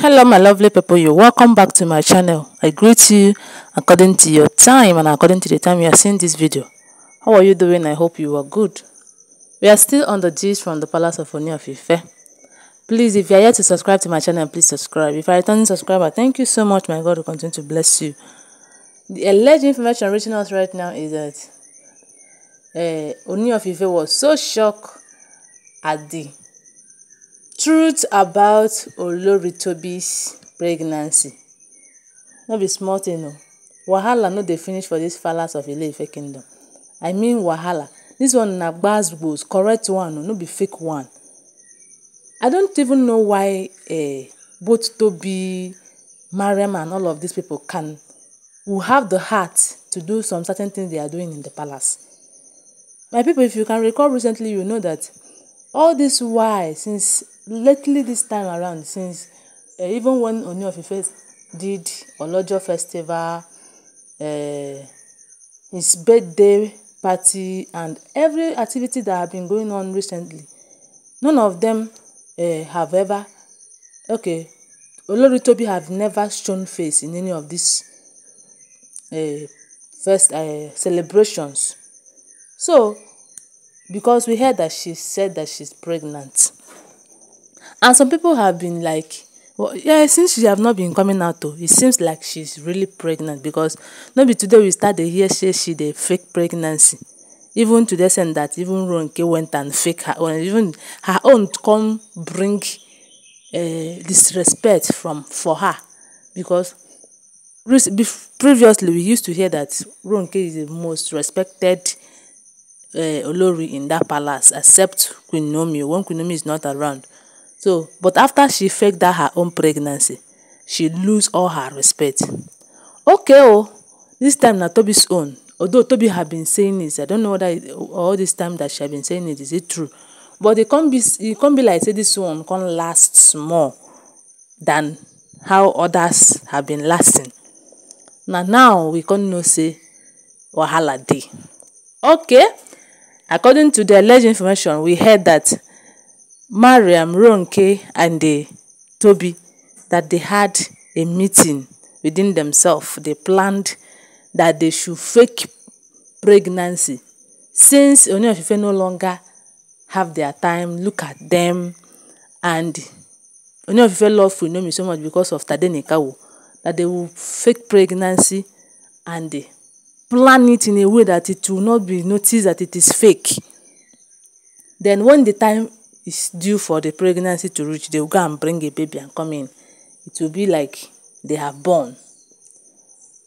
hello my lovely people you welcome back to my channel i greet you according to your time and according to the time you are seeing this video how are you doing i hope you are good we are still on the gist from the palace of Oni of Ife please if you are yet to subscribe to my channel please subscribe if you are a returning subscriber thank you so much my god will continue to bless you the alleged information reaching us right now is that uh, Ooni of Ife was so shocked at the Truth about Olori pregnancy no be small thing oo. Wahala no dey finish for this palace of Ile-Ife kingdom. I mean wahala. This one na gbas-gbos, correct one oo, no be fake one. I don't even know why um both Tobi, Mariam and all of these people can who have the heart to do some certain things they are doing in the palace. My people, if you can recall recently, you know that all this while since Lately, this time around since uh, even when Oni of Ife did Olojo festival uh, his birthday party and every activity that have been going on recently none of them uh, have ever okay Olori Tobi have never shown face in any of these uh, first uh, celebrations so because we heard that she said that she's pregnant And some people have been like, well, yeah, since she have not been coming out though, it seems like she's really pregnant because maybe today we start to hear say she the fake pregnancy. Even to the extent that even Ronke went and fake her own, even her own come bring uh, disrespect from for her because previously we used to hear that Ronke is the most respected uh, Olori in that palace except Queen Nomi when Queen Nomi is not around. So, but after she faked that her own pregnancy, she lose all her respect. Okay, oh, this time na Toby's own. Although Toby had been saying this, I don't know whether all this time that she had been saying it, is it true? But it can't be, it can't be like, say, this one can last more than how others have been lasting. Now, now, we can know, say, wahala dey. Okay, according to the alleged information, we heard that Mariam Ronke and Toby that they had a meeting within themselves they planned that they should fake pregnancy since Ooni of no longer have their time, look at them and Ooni love Ife know me so much because of Tadenikawo that they will fake pregnancy and they plan it in a way that it will not be noticed that it is fake. Then when the time is due for the pregnancy to reach, they will go and bring a baby and come in. It will be like they have born.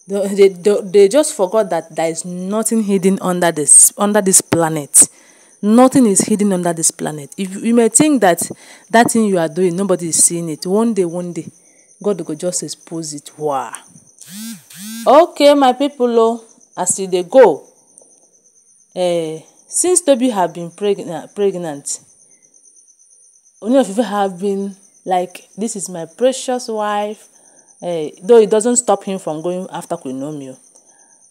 They, they, they just forgot that there is nothing hidden under this under this planet. Nothing is hidden under this planet. If you may think that that thing you are doing, nobody is seeing it. One day, one day, God will just expose it. Wow. Okay, my people, oh, as they go, uh, since Toby have been pregnant, pregnant many of you have been like, this is my precious wife, uh, though it doesn't stop him from going after Quinomio.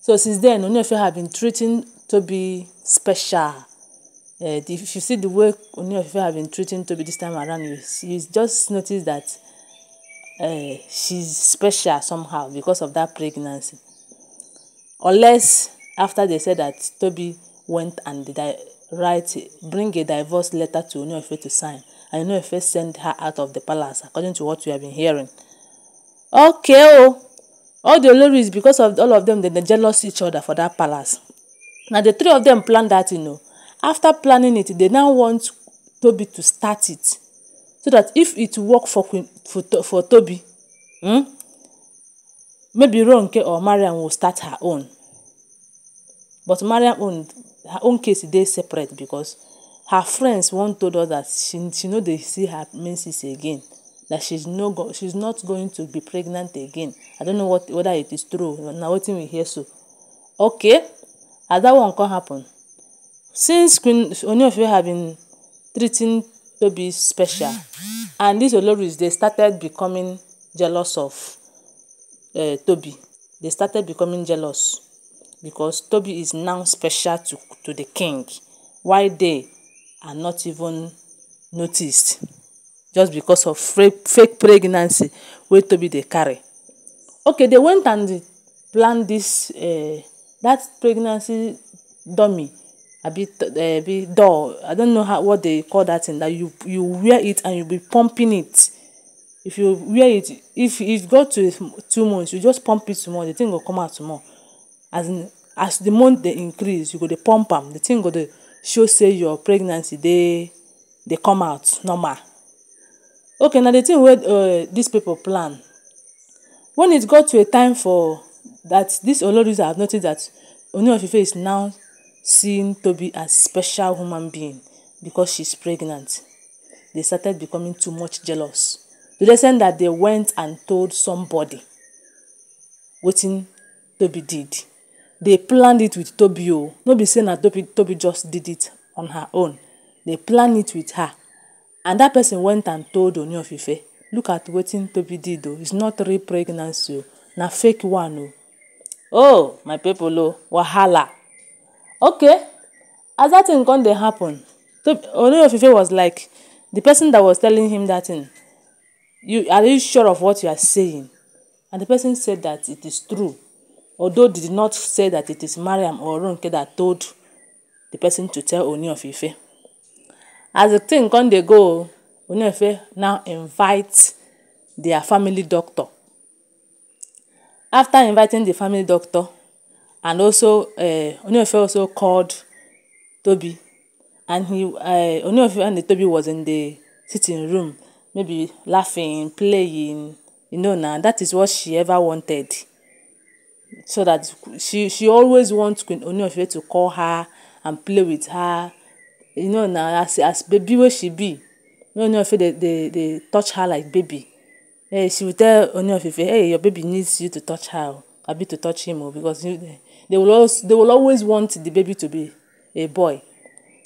So since then, you have been treating Toby special. Uh, if you see the way you have been treating Toby this time around, you, you just notice that uh, she's special somehow because of that pregnancy. Unless after they said that Toby went and write bring a divorce letter to you to sign. and you no fit send her out of the palace according to what we have been hearing okay oh, all the oloris because of all of them dem dey jealous each other for that palace Now the three of them plan that you oh. know. after planning it they now want toby to start it so that if it work for queen for, for toby hmm, maybe ronke or mariam will start her own but mariam own her own case they separate because her friends wan told us that she she no dey see her menses again that she's no go she's not going to be pregnant again i don't know what whether it is true na wetin we hear so okay as that one come happen since queen ooni of ife have been treating tobi special and these oloris they started becoming jealous of uh, eh, tobi they started becoming jealous because tobi is now special to to the king Why they and not even noticed just because of fake pregnancy wey tobi dey carry okay they went and plan this uh, that pregnancy dummy abi eh, abi doll i don't know how what they call that thing that you you wear it and you be pumping it if you wear it if if go to two months you just pump it small the thing go come out small as in as the month dey increase you go dey pump am the thing go dey show say your pregnancy dey dey come out normal. Okay Now the thing wey uh these people plan. When it got to a time for that this Oloriza have noticed that Ooni of Ife is now seen to be a special human being because she's pregnant. They started becoming too much jealous to the extent that they went and told somebody wetin Tobi did they planned it with tobi o no be say na Toby tobi just did it on her own they planned it with her and that person went and told oni of ife look at wetin Toby did though. its not real pregnancy oh, na fake one o. oh my people oh, wahala okay as that thing gone, they happen oni of ife was like the person that was telling him that thing you are you sure of what you are saying and the person said that it is true although they did not say that it is Mariam or Ronke that told the person to tell Ooni of Ife. As the thing come they go, Ooni of Ife now invite their family doctor. After inviting the family doctor, and also uh, Ooni of Ife also called Toby, and he uh, Ooni of Ife and Toby was in the sitting room, maybe laughing, playing, you know Now that is what she ever wanted so that she she always want queen Ooni to call her and play with her you know na as as baby wey she be you know Ooni dey dey dey touch her like baby Hey, eh, she will tell Ooni hey your baby needs you to touch her o abi to touch him o because you they will always they will always want the baby to be a boy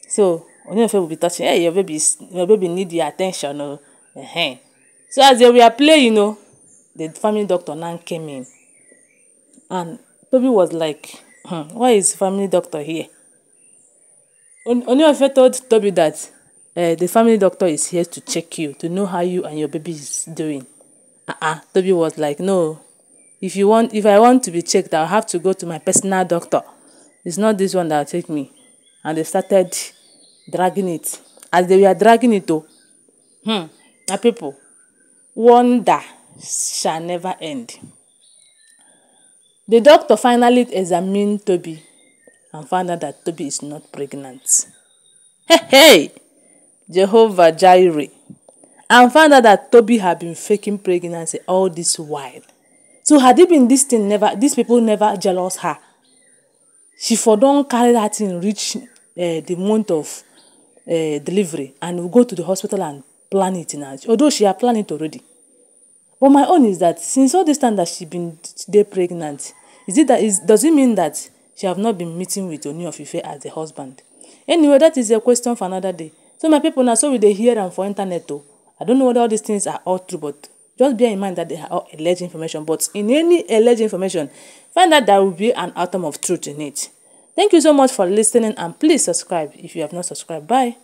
so Ooni will be touching hey your baby your baby need your attention o uh -huh. so as they were playing you know, the family doctor now came in and Toby was like, hmm, why is family doctor here? On Oniofe told Toby that uh, the family doctor is here to check you, to know how you and your baby is doing. Uh-uh. Toby was like, no, if you want, if I want to be checked, I'll have to go to my personal doctor. It's not this one that'll take me. And they started dragging it. As they were dragging it, though, hmm, now people, wonder shall never end. The doctor finally examined Toby and found out that Toby is not pregnant. Hey, hey! Jehovah Jireh. And found out that Toby had been faking pregnancy all this while. So had it been this thing never, these people never jealous her. She for don't carry that thing reach uh, the month of uh, delivery and will go to the hospital and plan it now. Although she had planned it already. but my own is that since all this time that she been today pregnant is it that is does it mean that she have not been meeting with Ooni of Ife as the husband anyway that is a question for another day so my people now, so we dey hear and for internet o i don't know whether all these things are all true but just bear in mind that they are all alleged information but in any alleged information find out there will be an atom of truth in it thank you so much for listening and please subscribe if you have not subscribed bye